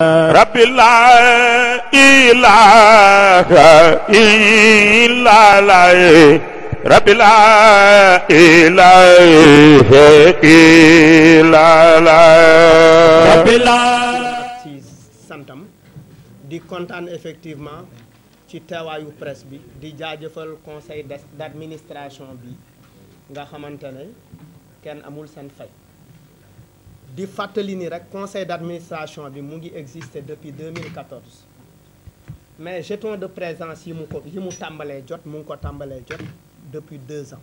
رب لا إله ci santam di kontaan effectivement ci teewaayu presse bi di jaajëfal conseil d'administration bi nga xamantane kenn amul seen fay di fatelini rek conseil d'administration bi mu ngi exister depuis 2014 mais jeton de présence yi mu ko yi mu tambalé jot mu ko tambalé jot depuis deux ans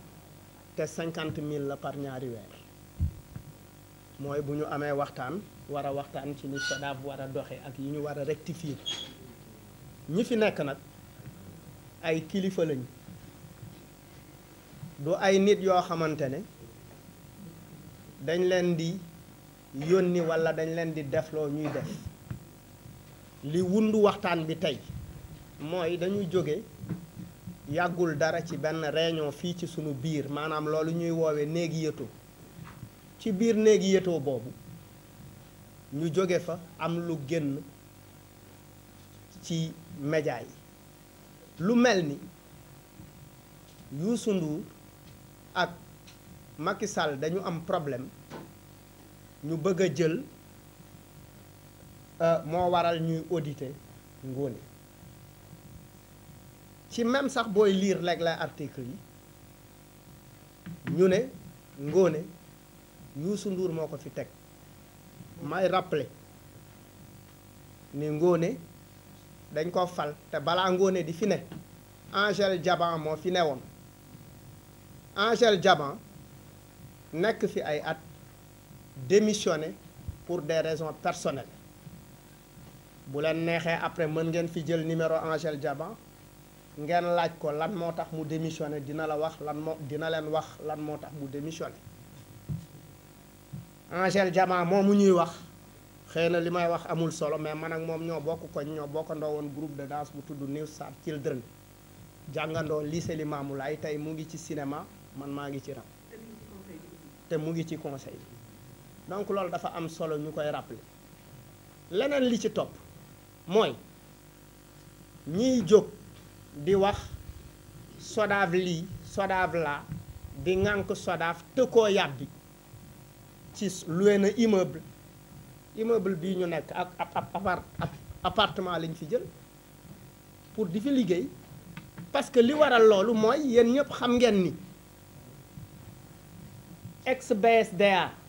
Té 50 000 la par ñaari weer Moy buñu amé amee waxtaan war waxtaan ci ni SODAV war a doxe ak yi ñu a rectifier ñi fi nek nak ay kilifa lañ. Do ay nit yo xamante dañ leen di yónni walla dañ leen di defloo ñuy def li wundu waxtaan bi tey mooy dañu jóge yàggul dara ci benn réunion fii ci sunu biir maanaam loolu ñuy woowe néegi yëtoo ci biir néegi yëtoo boobu ñu jóge fa am lu génn ci média yi lu mel ni Youssou Ndour ak Macky dañu am problème ñu bëgg a jël euh, moo waral ñuy auditer ngoone ci même sax booy liir léeg-léeg article yi ñu ne Ngoné Youssou Ndour moo ko fi teg may rappeler ni ngoone dañ ko fal te balaa Ngoné di fi ne Angèle Diaban moo fi newoon Angèle jaban nekk fi ay at démissionné pour des raisons personnelles bu leen neexee après mën ngeen fi jël numéro Angèle Diaban ngeen laaj ko lan moo tax mu démissionné dina la wax lan moo dina leen wax lan moo tax mu démissionné Angèle moo mu ñuy wax xëy na li may wax amul solo mais man ak moom ñoo bokk koñ ñoo bokkandoo woon groupe de danse bu tudd New Star Children jàngandoo lycée Limamou Laye tey mu ngi ci cinéma man maa ngi ci rap te mu ngi ci conseil donc loolu dafa am solo ñu koy rappeler leneen li ci topp mooy ñiy jóg di wax sodav lii sodav laa di ŋànk sodav te koo yàbbi ci loué na immeuble immeuble bii ñu nekk ak appartement lañ fi jël pour di fi liggéey parce que li waral loolu mooy yéen ñëpp xam ngeen ni ex BSDA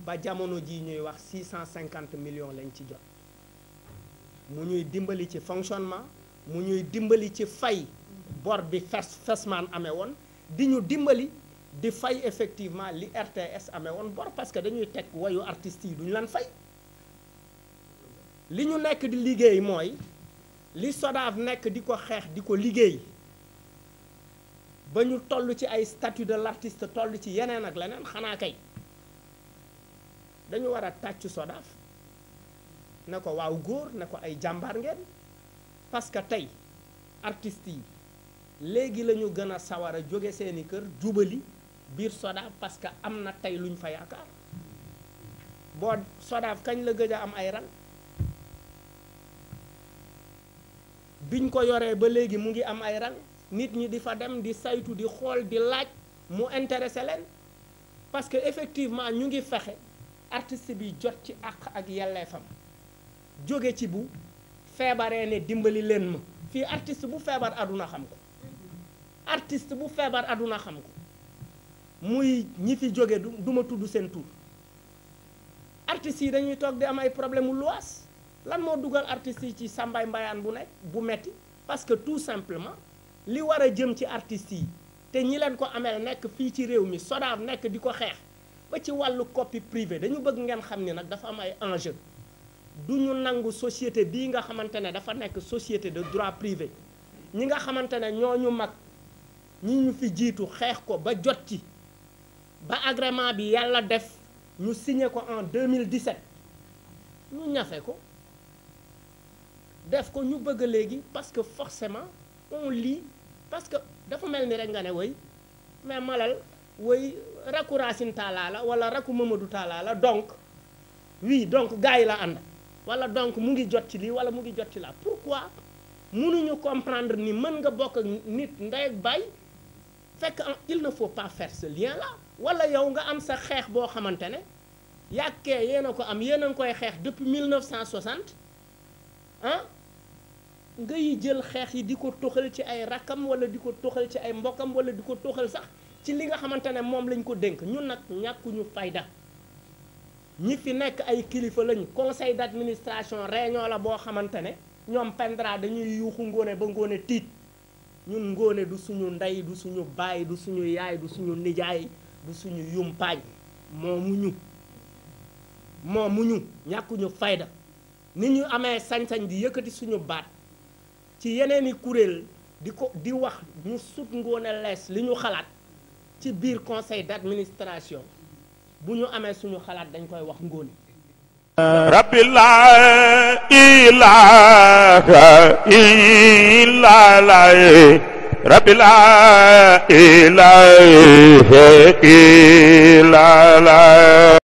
ba jamono ji ñuy wax 650 millions lañ ci jot mu ñuy dimbali ci fonctionnement mu ñuy dimbali ci fay bor bi fes fesmaan amee woon di ñu dimbali di fay effectivement li RTS amee woon bor parce que dañuy tek wayu artistes yi duñu lan fay li ñu nekk di liggéey mooy li SODAV nekk di ko xeex di ko liggéey ba ñu toll ci ay statut de l'artiste toll ci yeneen ak leneen xanaa kay dañu wara a sodaf nako na ko waaw góor na ko ay jàmbaar ngeen parce que tey artiste yi léegi lañu ñu gën a sawar jóge seeni kër jubali biir sodaaf parce que am na tey luñ fa yaakaar boo sodaaf kañ la gëj a am ay ran biñ ko yoree ba léegi mu ngi am ay ran nit ñi di fa dem di saytu di xool di laaj mu intéressé leen parce que effectivement ñu ngi fexe artiste bi jot ci àq ak yelleefam jóge ci bu feebaree ne dimbali leen ma fii artiste bu feebar àdduna xam ko artiste bu feebar àdduna xam ko muy ñi fi jóge du duma tudd seen tur artistes yi dañuy toog di am ay problème mu luwaas lan moo dugal artistes yi ci sàmbaay mbayaan bu nekk bu metti parce que tout simplement li war a jëm ci artistes yi te ñi leen ko ameel nekk fii ci réew mi sodaar nekk di ko xeex ba ci wàllu copie privée dañu bëgg ngeen xam ni nag dafa am ay enjeu du ñu société bii nga xamante ne dafa nekk société de droit privé ñi nga xamante ne ñooñu mag ñi ñu fi jiitu xeex ko ba jot ci ba agrément bi yalla def ñu signé ko en 2017 ñu ñafe ko def ko ñu bëgg léegi parce que forcément on lit parce que dafa mel ni rek nga ne woy mais malal oui, rakku Racine la wala rakku Mamadou Talla donc oui donc gars la and wala donc mu ngi jot ci lii wala mu ngi jot ci la pourquoi mënuñu comprendre ni mën nga bok nit nday ak bay fekk il ne faut pas faire ce lien là wala yow nga am sa xex bo xamantene ne yàkkee ko am yéen a ngi koy depuis 1960 hein? Ah, ngay jël xex yi diko ko toxal ci ay rakam wala diko ko toxal ci ay mbokam wala diko ko toxal sax ci li nga xamante ne moom lañ ko dénk ñun nag ñàkkuñu fayda ñi fi nekk ay kilifa lañu conseil d'administration réunion la boo xamante ne ñoom pendra dañuy yuuxu ngoone ba ngoone tiit ñun ngoone du suñu ndey du suñu baay du suñu yaay du suñu nijaay du suñu yumpaañ moomuñu moomuñu ñàkkuñu fayda ni ñu amee sañ-sañ di yëkkati suñu baat ci yeneeni kuréel di ko di wax ñu sut ngóone lees li ñu xalaat ci biir conseil d'administration bu ñu amee suñu xalaat dañ koy wax ngóone rabbi laa ilaaha laa rabbi laa